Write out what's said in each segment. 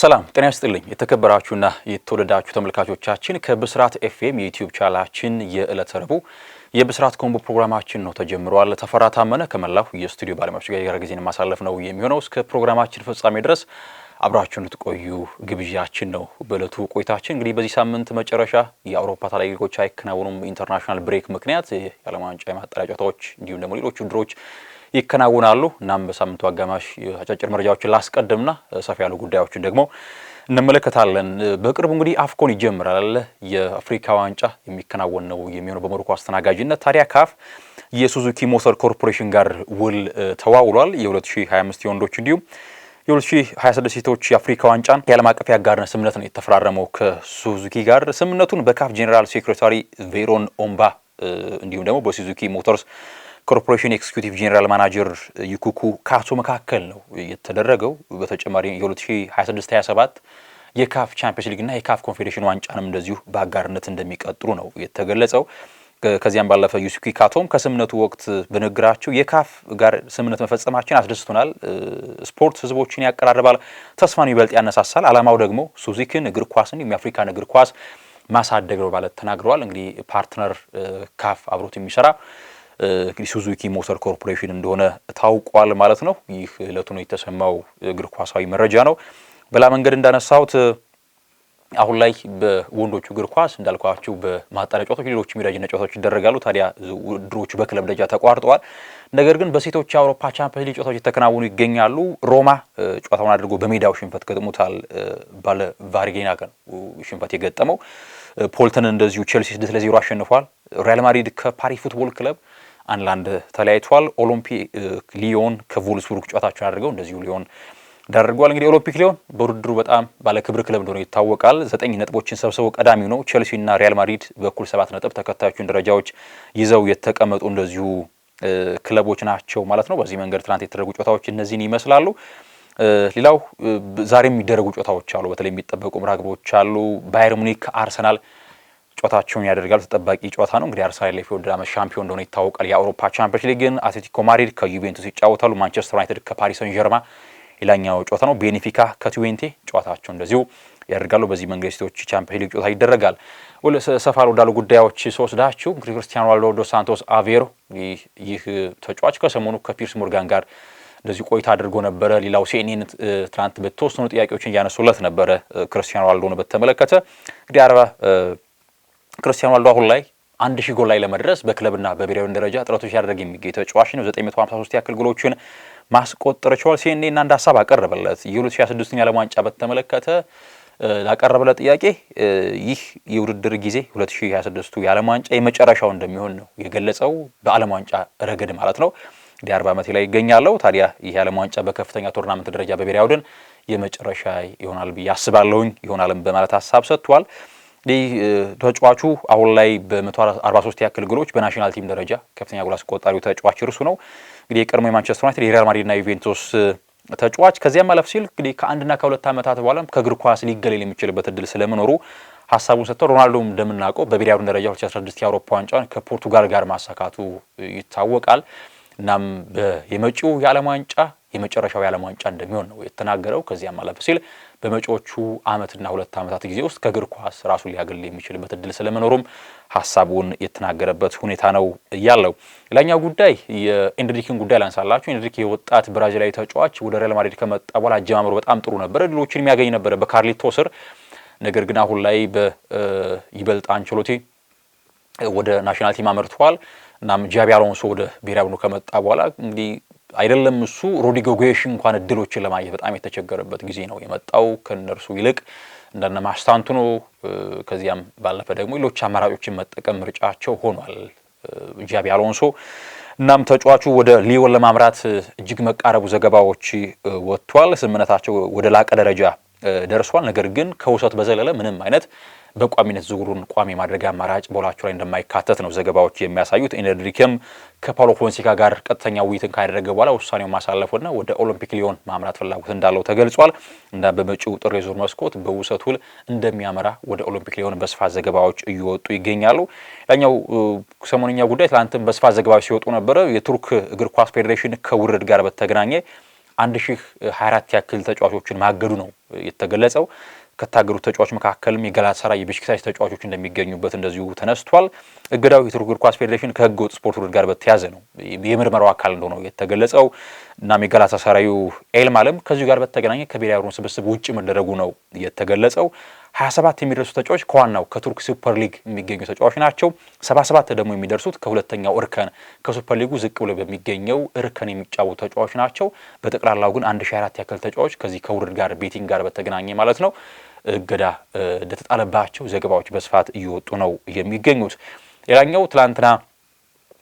ሰላም ጤና ይስጥልኝ። የተከበራችሁና የተወደዳችሁ ተመልካቾቻችን ከብስራት ኤፍኤም የዩትዩብ ቻላችን የዕለተ ረቡዕ የብስራት ኮምቦ ፕሮግራማችን ነው ተጀምረዋል። ተፈራ ታመነ ከመላሁ የስቱዲዮ ባለሙያዎች ጋር የጋራ ጊዜን ማሳለፍ ነው የሚሆነው። እስከ ፕሮግራማችን ፍጻሜ ድረስ አብራችሁ እንድትቆዩ ግብዣችን ነው። በዕለቱ ቆይታችን እንግዲህ በዚህ ሳምንት መጨረሻ የአውሮፓ ታላላቅ ሊጎች አይከናወኑም። ኢንተርናሽናል ብሬክ ምክንያት የዓለም ዋንጫ የማጣሪያ ጨዋታዎች እንዲሁም ደግሞ ሌሎች ውድድሮች ይከናወናሉ። እናም በሳምንቱ አጋማሽ አጫጭር መረጃዎችን ላስቀድምና ሰፊ ያሉ ጉዳዮችን ደግሞ እንመለከታለን። በቅርቡ እንግዲህ አፍኮን ይጀምራል። የአፍሪካ ዋንጫ የሚከናወን ነው የሚሆነው በሞሮኮ አስተናጋጅነት። ታዲያ ካፍ የሱዙኪ ሞተር ኮርፖሬሽን ጋር ውል ተዋውሏል። የ2025 የወንዶች እንዲሁም የ2026 ሴቶች የአፍሪካ ዋንጫን የዓለም አቀፍ የአጋርነት ስምምነት ነው የተፈራረመው ከሱዙኪ ጋር። ስምምነቱን በካፍ ጄኔራል ሴክሬታሪ ቬሮን ኦምባ እንዲሁም ደግሞ በሱዙኪ ሞተርስ ኮርፖሬሽን ኤክስኪዩቲቭ ጄኔራል ማናጀር ዩኩኩ ካቶ መካከል ነው የተደረገው። በተጨማሪ የ2026/27 የካፍ ቻምፒየንስ ሊግና የካፍ ኮንፌዴሬሽን ዋንጫንም እንደዚሁ በአጋርነት እንደሚቀጥሉ ነው የተገለጸው። ከዚያም ባለፈ ዩሱኪ ካቶም ከስምነቱ ወቅት በንግግራቸው የካፍ ጋር ስምነት መፈጸማችን አስደስቶናል። ስፖርት ህዝቦችን ያቀራርባል፣ ተስፋን ይበልጥ ያነሳሳል። አላማው ደግሞ ሱዚክን እግር ኳስን የአፍሪካን እግር ኳስ ማሳደግ ነው ማለት ተናግረዋል። እንግዲህ ፓርትነር ካፍ አብሮት የሚሰራ እንግዲህ ሱዙኪ ሞተር ኮርፖሬሽን እንደሆነ ታውቋል ማለት ነው። ይህ እለቱን የተሰማው እግር ኳሳዊ መረጃ ነው። በላ መንገድ እንዳነሳሁት አሁን ላይ በወንዶቹ እግር ኳስ እንዳልኳቸው በማጣሪያ ጨዋታዎች፣ ሌሎችም የወዳጅነት ጨዋታዎች ይደረጋሉ። ታዲያ ውድድሮቹ በክለብ ደረጃ ተቋርጠዋል። ነገር ግን በሴቶች የአውሮፓ ቻምፒዮንስ ሊግ ጨዋታዎች የተከናወኑ ይገኛሉ። ሮማ ጨዋታውን አድርጎ በሜዳው ሽንፈት ገጥሞታል። ባለ ቫርጌና ቀን ሽንፈት የገጠመው ፖልተን እንደዚሁ ቼልሲ ስድስት ለዜሮ አሸንፏል። ሪያል ማድሪድ ከፓሪስ ፉትቦል ክለብ አንድ ለአንድ ተለያይቷል። ኦሎምፒክ ሊዮን ከቮልስቡርግ ጨዋታቸውን አድርገው እንደዚሁ ሊዮን ደርጓል። እንግዲህ ኦሎምፒክ ሊዮን በውድድሩ በጣም ባለክብር ክለብ እንደሆነ ይታወቃል። ዘጠኝ ነጥቦችን ሰብስበው ቀዳሚው ነው። ቼልሲና ሪያል ማድሪድ በኩል ሰባት ነጥብ ተከታዮቹን ደረጃዎች ይዘው የተቀመጡ እንደዚሁ ክለቦች ናቸው ማለት ነው። በዚህ መንገድ ትናንት የተደረጉ ጨዋታዎች እነዚህን ይመስላሉ። ሌላው ዛሬ የሚደረጉ ጨዋታዎች አሉ። በተለይ የሚጠበቁ ምራግቦች አሉ። ባየር ሙኒክ አርሰናል ጨዋታቸውን ያደርጋሉ። ተጠባቂ ጨዋታ ነው እንግዲህ አርሰናል የፊዮርድ ዓመት ሻምፒዮን እንደሆነ ይታወቃል። የአውሮፓ ቻምፒዮንስ ሊግን አትሌቲኮ ማድሪድ ከዩቬንቱስ ይጫወታሉ። ማንቸስተር ዩናይትድ ከፓሪስ ሰን ጀርማ ሌላኛው ጨዋታ ነው። ቤኔፊካ ከቱዌንቴ ጨዋታቸው እንደዚሁ ያደርጋሉ። በዚህ መንገድ ሴቶች ቻምፒዮን ሊግ ጨዋታ ይደረጋል። ሰፋ ወዳሉ ጉዳዮች ስወስዳችሁ እንግዲህ ክርስቲያኖ ሮናልዶ ዶስ ሳንቶስ አቬሮ ይህ ተጫዋች ከሰሞኑ ከፒርስ ሞርጋን ጋር እንደዚህ ቆይታ አድርጎ ነበረ። ሌላው ሲኤንኤን ትናንት በተወሰኑ ጥያቄዎችን እያነሱለት ነበረ ክርስቲያኖ ሮናልዶን በተመለከተ እንግዲህ አርባ ክርስቲያኑ ሮናልዶ አሁን ላይ አንድ ሺህ ጎል ላይ ለመድረስ በክለብና በብሔራዊ ደረጃ ጥረቶች ያደረገ የሚገኝ ተጫዋች ነው። 953 ያክል ጎሎችን ማስቆጠር ችሏል። ሲኔ እና አንድ ሀሳብ አቀረበለት። የ2026 ዓለም ዋንጫ በተመለከተ ላቀረበለት ጥያቄ ይህ የውድድር ጊዜ 2026ቱ የዓለም ዋንጫ የመጨረሻው እንደሚሆን ነው የገለጸው። በዓለም ዋንጫ ረገድ ማለት ነው። እንግዲህ አርባ ዓመቴ ላይ ይገኛለሁ። ታዲያ ይህ የዓለም ዋንጫ በከፍተኛ ቶርናመንት ደረጃ በብሔራዊ ቡድን የመጨረሻ ይሆናል ብዬ አስባለሁኝ ይሆናልም በማለት ሀሳብ ሰጥቷል። እንግዲህ ተጫዋቹ አሁን ላይ በ143 ያክል ግሎች በናሽናል ቲም ደረጃ ከፍተኛ ጎል አስቆጣሪው ተጫዋች እርሱ ነው። እንግዲህ የቀድሞ የማንቸስተር ዩናይትድ የሪያል ማድሪድና ዩቬንቱስ ተጫዋች ከዚያም አለፍ ሲል እንግዲህ ከአንድና ከሁለት ዓመታት በኋላም ከእግር ኳስ ሊገለል የሚችልበት እድል ስለመኖሩ ሀሳቡን ሰጥተው ሮናልዶም እንደምናውቀው በብሔራዊ ደረጃ 2016 የአውሮፓ ዋንጫን ከፖርቱጋል ጋር ማሳካቱ ይታወቃል። እናም የመጪው የዓለም ዋንጫ የመጨረሻው የዓለም ዋንጫ እንደሚሆን ነው የተናገረው። ከዚያም አለፍ ሲል በመጪዎቹ አመትና ሁለት ዓመታት ጊዜ ውስጥ ከእግር ኳስ ራሱን ሊያገል የሚችልበት እድል ስለመኖሩም ሀሳቡን የተናገረበት ሁኔታ ነው ያለው። ሌላኛው ጉዳይ የኤንድሪክን ጉዳይ ላንሳላችሁ። ኤንድሪክ የወጣት ብራዚላዊ ተጫዋች ወደ ሪያል ማድሪድ ከመጣ በኋላ አጀማመሩ በጣም ጥሩ ነበረ፣ እድሎችን የሚያገኝ ነበረ በካርሊቶ ስር። ነገር ግን አሁን ላይ በይበልጥ አንቸሎቲ ወደ ናሽናል ቲም አመርተዋል። እናም ጃቢ አሎንሶ ወደ ብሔራዊ ቡድኑ ከመጣ በኋላ እንግዲህ አይደለም እሱ ሮድሪጎ ጎሽ እንኳን እድሎችን ለማየት በጣም የተቸገረበት ጊዜ ነው የመጣው። ከእነርሱ ይልቅ እንደነ ማስታንቱኖ ከዚያም ባለፈ ደግሞ ሌሎች አማራጮችን መጠቀም ምርጫቸው ሆኗል ጃቢ አሎንሶ። እናም ተጫዋቹ ወደ ሊዮን ለማምራት እጅግ መቃረቡ ዘገባዎች ወጥቷል። ስምምነታቸው ወደ ላቀ ደረጃ ደርሷል። ነገር ግን ከውሰት በዘለለ ምንም አይነት በቋሚነት ዝውውሩን ቋሚ ማድረግ አማራጭ በውላቸው ላይ እንደማይካተት ነው ዘገባዎች የሚያሳዩት። ኢነድሪክም ከፓውሎ ፎንሴካ ጋር ቀጥተኛ ውይይትን ካደረገ በኋላ ውሳኔውን ማሳለፉና ወደ ኦሎምፒክ ሊዮን ማምራት ፍላጎት እንዳለው ተገልጿል። እና በመጪው ጥር የዙር መስኮት በውሰት ውል እንደሚያመራ ወደ ኦሎምፒክ ሊዮን በስፋት ዘገባዎች እየወጡ ይገኛሉ። ያኛው ሰሞንኛ ጉዳይ ትላንትም በስፋት ዘገባዎች ሲወጡ ነበረ። የቱርክ እግር ኳስ ፌዴሬሽን ከውርድ ጋር በተገናኘ አንድ ሺህ 24 ያክል ተጫዋቾችን ማገዱ ነው የተገለጸው። ከታገዱት ተጫዋች መካከልም የጋላታሳራይ የቤሽክታሽ ተጫዋቾች እንደሚገኙበት እንደዚሁ ተነስቷል። እገዳው የቱርክ እግር ኳስ ፌዴሬሽን ከህገ ወጥ ስፖርት ውድድር ጋር በተያያዘ ነው የምርመራው አካል እንደሆነው የተገለጸው። እናም የጋላታሳራዩ ኤልማለም ከዚሁ ጋር በተገናኘ ከብሔራዊ ቡድን ስብስብ ውጭ መደረጉ ነው የተገለጸው። 27 የሚደርሱ ተጫዋች ከዋናው ከቱርክ ሱፐር ሊግ የሚገኙ ተጫዋች ናቸው። 77 ደግሞ የሚደርሱት ከሁለተኛው እርከን ከሱፐር ሊጉ ዝቅ ብሎ በሚገኘው እርከን የሚጫወቱ ተጫዋች ናቸው። በጠቅላላው ግን 1004 ያክል ተጫዋች ከዚህ ከውርድ ጋር ቤቲንግ ጋር በተገናኘ ማለት ነው እገዳ እንደተጣለባቸው ዘገባዎች በስፋት እየወጡ ነው የሚገኙት። ሌላኛው ትላንትና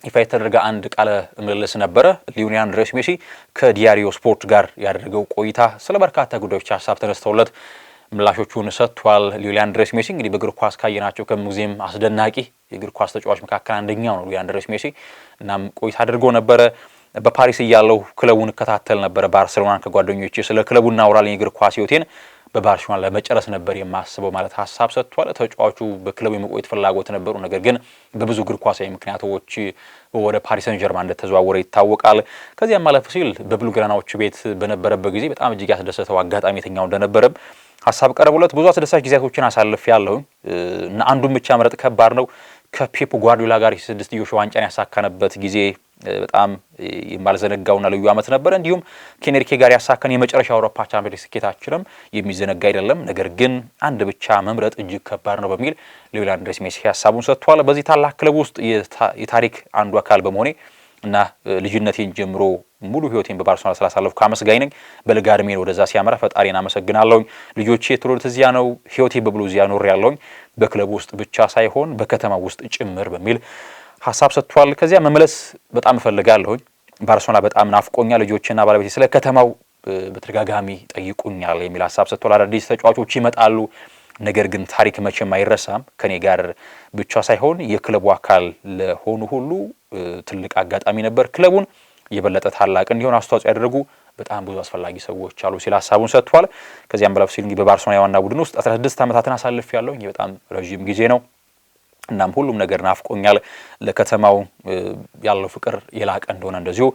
ይፋ የተደረገ አንድ ቃለ ምልልስ ነበረ። ሊዮኔል አንድሬስ ሜሲ ከዲያሪዮ ስፖርት ጋር ያደረገው ቆይታ ስለ በርካታ ጉዳዮች ሀሳብ ተነስተውለት ምላሾቹን ሰጥቷል። ሊውሊያን ድሬስ ሜሲ እንግዲህ በእግር ኳስ ካየናቸው ከምንጊዜም አስደናቂ የእግር ኳስ ተጫዋች መካከል አንደኛው ነው ሊውሊያን ድሬስ ሜሲ። እናም ቆይታ አድርጎ ነበረ። በፓሪስ እያለው ክለቡን እከታተል ነበረ፣ ባርሴሎናን ከጓደኞች ስለ ክለቡ እናውራለን፣ የእግር ኳስ ህይወቴን በባርሴሎና ለመጨረስ ነበር የማስበው ማለት ሀሳብ ሰጥቷል። ተጫዋቹ በክለቡ የመቆየት ፍላጎት ነበሩ፣ ነገር ግን በብዙ እግር ኳሳዊ ምክንያቶች ወደ ፓሪሰን ሰን ጀርማን እንደተዘዋወረ ይታወቃል። ከዚያም ማለፍ ሲል በብሉግራናዎቹ ቤት በነበረበት ጊዜ በጣም እጅግ ያስደሰተው አጋጣሚ የተኛው እንደነበረም ሀሳብ ቀረቡለት። ብዙ አስደሳች ጊዜያቶችን አሳልፍ ያለሁ እና አንዱን ብቻ መረጥ ከባድ ነው። ከፔፕ ጓርዲዮላ ጋር የስድስትዮሽ ዋንጫን ያሳካነበት ጊዜ በጣም የማልዘነጋውና ልዩ ዓመት ነበረ። እንዲሁም ከኔሪኬ ጋር ያሳካን የመጨረሻ አውሮፓ ቻምፒዮን ስኬታችንም የሚዘነጋ አይደለም። ነገር ግን አንድ ብቻ መምረጥ እጅግ ከባድ ነው በሚል ሊዮኔል አንድሬስ ሜሲ ሀሳቡን ሰጥቷል። በዚህ ታላቅ ክለብ ውስጥ የታሪክ አንዱ አካል በመሆኔ እና ልጅነቴን ጀምሮ ሙሉ ህይወቴን በባርሴሎና ስላሳለፍኩ አመስጋኝ ነኝ። በለጋ ወደዛ ሲያመራ ፈጣሪን አመሰግናለሁኝ። ልጆቼ የትውልድ እዚያ ነው፣ ህይወቴ በብሎ እዚያ ኖር ያለውኝ በክለቡ ውስጥ ብቻ ሳይሆን በከተማ ውስጥ ጭምር በሚል ሀሳብ ሰጥቷል። ከዚያ መመለስ በጣም እፈልጋለሁኝ። ባርሴሎና በጣም ናፍቆኛ፣ ልጆችና ባለቤቴ ስለ ከተማው በተደጋጋሚ ጠይቁኛል የሚል ሀሳብ ሰጥቷል። አዳዲስ ተጫዋቾች ይመጣሉ ነገር ግን ታሪክ መቼም አይረሳም። ከኔ ጋር ብቻ ሳይሆን የክለቡ አካል ለሆኑ ሁሉ ትልቅ አጋጣሚ ነበር። ክለቡን የበለጠ ታላቅ እንዲሆን አስተዋጽኦ ያደረጉ በጣም ብዙ አስፈላጊ ሰዎች አሉ ሲል ሀሳቡን ሰጥቷል። ከዚያም በላይ ሲል እንግዲህ በባርሴሎና ቡድን ውስጥ 16 ዓመታትን አሳልፍ ያለው ይህ በጣም ረዥም ጊዜ ነው። እናም ሁሉም ነገር ናፍቆኛል። ለከተማው ያለው ፍቅር የላቀ እንደሆነ እንደዚሁ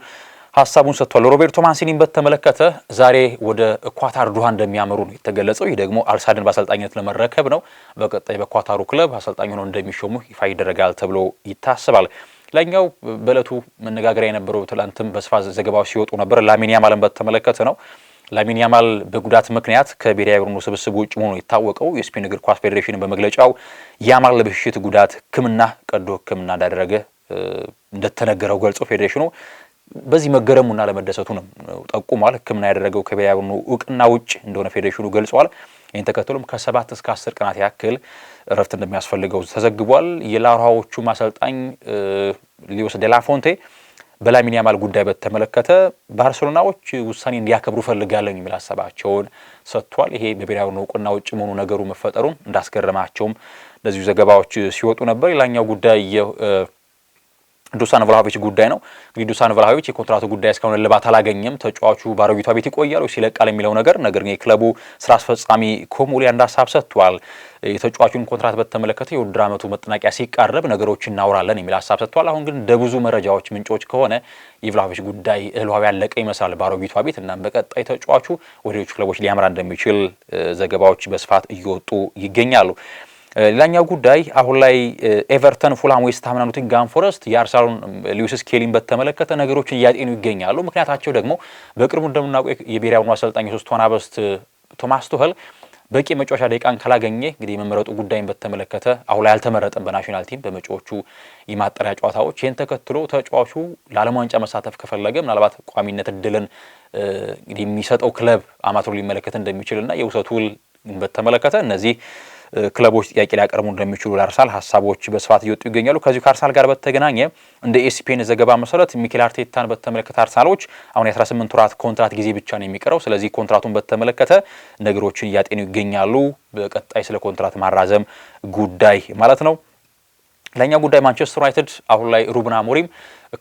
ሀሳቡን ሰጥቷል። ሮቤርቶ ማንሲኒን በተመለከተ ዛሬ ወደ ኳታር ዱሃ እንደሚያመሩ ነው የተገለጸው። ይህ ደግሞ አልሳድን በአሰልጣኝነት ለመረከብ ነው። በቀጣይ በኳታሩ ክለብ አሰልጣኝ ሆነው እንደሚሾሙ ይፋ ይደረጋል ተብሎ ይታሰባል። ሌላኛው በእለቱ መነጋገሪያ የነበረው ትላንትም በስፋት ዘገባው ሲወጡ ነበር ላሚን ያማልን በተመለከተ ነው። ላሚን ያማል በጉዳት ምክንያት ከብሔራዊ እግር ስብስብ ውጭ መሆኑ የታወቀው የስፔን እግር ኳስ ፌዴሬሽን በመግለጫው ያማል ለብሽሽት ጉዳት ሕክምና ቀዶ ሕክምና እንዳደረገ እንደተነገረው ገልጾ ፌዴሬሽኑ በዚህ መገረሙና ለመደሰቱ ጠቁሟል። ሕክምና ያደረገው ከብሔራዊ ቡድኑ እውቅና ውጭ እንደሆነ ፌዴሬሽኑ ገልጿል። ይህን ተከትሎም ከሰባት እስከ አስር ቀናት ያክል እረፍት እንደሚያስፈልገው ተዘግቧል። የላርሃዎቹ ማሰልጣኝ ሊዮስ ዴላፎንቴ በላሚን ያማል ጉዳይ በተመለከተ ባርሴሎናዎች ውሳኔ እንዲያከብሩ ፈልጋለን የሚል ሀሳባቸውን ሰጥቷል። ይሄ በብሔራዊ እውቅና ውጭ መሆኑ ነገሩ መፈጠሩም እንዳስገረማቸውም እንደዚሁ ዘገባዎች ሲወጡ ነበር። ሌላኛው ጉዳይ ዱሳን ቭላሆቪች ጉዳይ ነው። እንግዲህ ዱሳን ቭላሆቪች የኮንትራቱ ጉዳይ እስካሁን እልባት አላገኘም። ተጫዋቹ ባሮጊቷ ቤት ይቆያል ወይስ ይለቃል የሚለው ነገር ነገር ግን የክለቡ ስራ አስፈጻሚ ኮሙሊ አንድ ሀሳብ ሰጥቷል። የተጫዋቹን ኮንትራት በተመለከተ የውድድር አመቱ መጠናቂያ ሲቃረብ ነገሮች እናውራለን የሚል ሀሳብ ሰጥቷል። አሁን ግን ደብዙ መረጃዎች ምንጮች ከሆነ የቭላሆቪች ጉዳይ እህልዋ ያለቀ ይመስላል ባሮጊቷ ቤት። እናም በቀጣይ ተጫዋቹ ወደ ሌሎች ክለቦች ሊያምራ እንደሚችል ዘገባዎች በስፋት እየወጡ ይገኛሉ። ሌላኛው ጉዳይ አሁን ላይ ኤቨርተን፣ ፉልሃም፣ ዌስትሃምና ኖቲንግሃም ፎረስት የአርሰናሉን ሉዊስ ስኬሊን በተመለከተ ነገሮችን እያጤኑ ይገኛሉ። ምክንያታቸው ደግሞ በቅርቡ እንደምናውቀው የብሔራዊ ቡድኑ አሰልጣኝ የሶስት አበስት ቶማስ ቶኸል በቂ መጫወቻ ደቂቃን ካላገኘ እንግዲህ የመመረጡ ጉዳይን በተመለከተ አሁን ላይ አልተመረጠም በናሽናል ቲም በመጪዎቹ የማጠሪያ ጨዋታዎች። ይህን ተከትሎ ተጫዋቹ ለዓለም ዋንጫ መሳተፍ ከፈለገ ምናልባት ቋሚነት እድልን እንግዲህ የሚሰጠው ክለብ አማትሮ ሊመለከት እንደሚችልና የውሰት ውል በተመለከተ እነዚህ ክለቦች ጥያቄ ሊያቀርቡ እንደሚችሉ ለአርሰናል ሀሳቦች በስፋት እየወጡ ይገኛሉ። ከዚሁ ከአርሰናል ጋር በተገናኘ እንደ ኤስፔን ዘገባ መሰረት ሚኬል አርቴታን በተመለከተ አርሰናሎች አሁን የ18 ወራት ኮንትራት ጊዜ ብቻ ነው የሚቀረው። ስለዚህ ኮንትራቱን በተመለከተ ነገሮችን እያጤኑ ይገኛሉ። በቀጣይ ስለ ኮንትራት ማራዘም ጉዳይ ማለት ነው። ለእኛ ጉዳይ ማንቸስተር ዩናይትድ አሁን ላይ ሩበን አሞሪም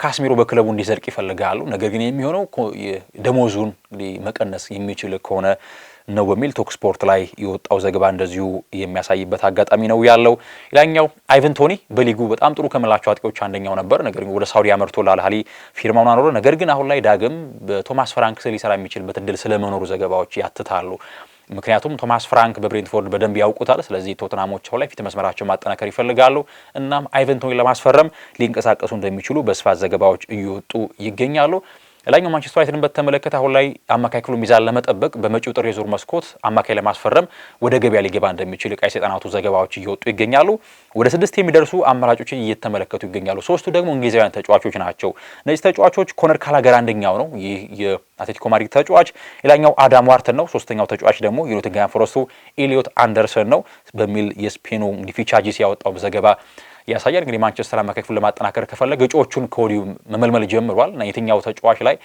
ካስሚሮ በክለቡ እንዲዘልቅ ይፈልጋሉ። ነገር ግን የሚሆነው ደሞዙን መቀነስ የሚችል ከሆነ ነው በሚል ቶክ ስፖርት ላይ የወጣው ዘገባ እንደዚሁ የሚያሳይበት አጋጣሚ ነው ያለው። ሌላኛው አይቨን ቶኒ በሊጉ በጣም ጥሩ ከምላቸው አጥቂዎች አንደኛው ነበር። ነገር ግን ወደ ሳውዲ አመርቶ ላልሀሊ ፊርማውን አኖረ። ነገር ግን አሁን ላይ ዳግም በቶማስ ፍራንክ ስር ሊሰራ የሚችልበት እድል ስለመኖሩ ዘገባዎች ያትታሉ። ምክንያቱም ቶማስ ፍራንክ በብሬንትፎርድ በደንብ ያውቁታል። ስለዚህ ቶትናሞች አሁን ላይ ፊት መስመራቸው ማጠናከር ይፈልጋሉ። እናም አይቨን ለማስፈረም ሊንቀሳቀሱ እንደሚችሉ በስፋት ዘገባዎች እየወጡ ይገኛሉ። ሌላኛው ማንቸስተር ዩናይትድን በተመለከተ አሁን ላይ አማካይ ክፍሉ ሚዛን ለመጠበቅ በመጪው ጥር የዙር መስኮት አማካይ ለማስፈረም ወደ ገበያ ሊገባ እንደሚችል ቀይ ሰይጣናቱ ዘገባዎች እየወጡ ይገኛሉ። ወደ ስድስት የሚደርሱ አማራጮችን እየተመለከቱ ይገኛሉ። ሶስቱ ደግሞ እንግሊዛውያን ተጫዋቾች ናቸው። እነዚህ ተጫዋቾች ኮነር ካላገር አንደኛው ነው፣ ይህ የአትሌቲኮ ማድሪድ ተጫዋች። ሌላኛው አዳም ዋርተን ነው። ሶስተኛው ተጫዋች ደግሞ የኖቲንግሃም ፎረስቱ ኤሊዮት አንደርሰን ነው በሚል የስፔኑ እንግዲህ ፊቻጂስ ያወጣው ዘገባ ያሳያል። እንግዲህ ማንቸስተር አማካይ ለማጠናከር ከፈለገ እጩዎቹን ከወዲሁ መመልመል ጀምሯል እና የትኛው ተጫዋች ላይ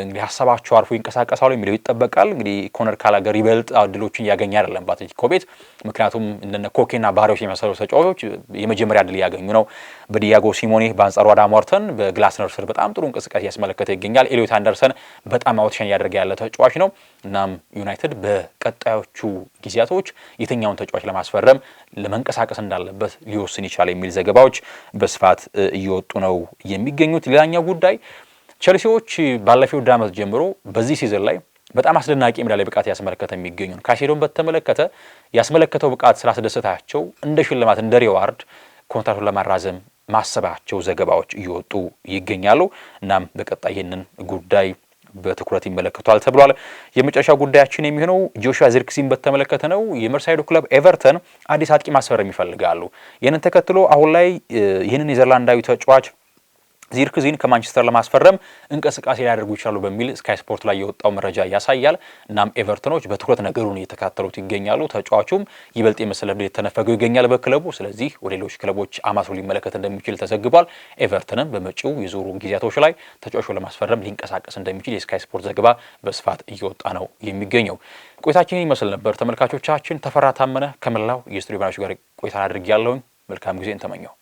እንግዲህ ሀሳባቸው አርፎ ይንቀሳቀሳሉ የሚለው ይጠበቃል። እንግዲህ ኮነር ካላገር ይበልጥ እድሎችን እያገኘ አይደለም በአትሌቲኮ ቤት። ምክንያቱም እንደነ ኮኬና ባህሪዎች የመሰሉ ተጫዋቾች የመጀመሪያ እድል እያገኙ ነው። በዲያጎ ሲሞኔ በአንጻሩ አዳም ዋርተን በግላስነር ስር በጣም ጥሩ እንቅስቃሴ ያስመለከተ ይገኛል። ኤሊዮት አንደርሰን በጣም አውትሻን እያደረገ ያለ ተጫዋች ነው። እናም ዩናይትድ በቀጣዮቹ ጊዜያቶች የትኛውን ተጫዋች ለማስፈረም ለመንቀሳቀስ እንዳለበት ሊወስን ይችላል የሚል ዘገባዎች በስፋት እየወጡ ነው የሚገኙት። ሌላኛው ጉዳይ ቸልሲዎች ባለፈው ዓመት ጀምሮ በዚህ ሲዝን ላይ በጣም አስደናቂ ሜዳ ላይ ብቃት ያስመለከተ የሚገኙ ነው። ካይሴዶን በተመለከተ ያስመለከተው ብቃት ስላስደሰታቸው እንደ ሽልማት እንደ ሪዋርድ ኮንትራቱን ለማራዘም ማሰባቸው ዘገባዎች እየወጡ ይገኛሉ። እናም በቀጣይ ይህንን ጉዳይ በትኩረት ይመለከቷል ተብሏል። የመጨረሻ ጉዳያችን የሚሆነው ጆሹዋ ዚርክሲን በተመለከተ ነው። የመርሳይዶ ክለብ ኤቨርተን አዲስ አጥቂ ማስፈረም ይፈልጋሉ። ይህንን ተከትሎ አሁን ላይ ይህንን ኔዘርላንዳዊ ተጫዋች ዚርክዚን ከማንቸስተር ለማስፈረም እንቅስቃሴ ሊያደርጉ ይችላሉ በሚል ስካይ ስፖርት ላይ የወጣው መረጃ ያሳያል። እናም ኤቨርተኖች በትኩረት ነገሩን እየተካተሉት ይገኛሉ። ተጫዋቹም ይበልጥ የመሰለ ድል የተነፈገው ይገኛል በክለቡ። ስለዚህ ወደ ሌሎች ክለቦች አማስሮ ሊመለከት እንደሚችል ተዘግቧል። ኤቨርተንም በመጪው የዞሩ ጊዜያቶች ላይ ተጫዋቹ ለማስፈረም ሊንቀሳቀስ እንደሚችል የስካይ ስፖርት ዘገባ በስፋት እየወጣ ነው የሚገኘው። ቆይታችን ይመስል ነበር ተመልካቾቻችን። ተፈራ ታመነ ከመላው የስቱዲዮ ባናዎች ጋር ቆይታን አድርግ ያለውን መልካም ጊዜ እንተመኘው።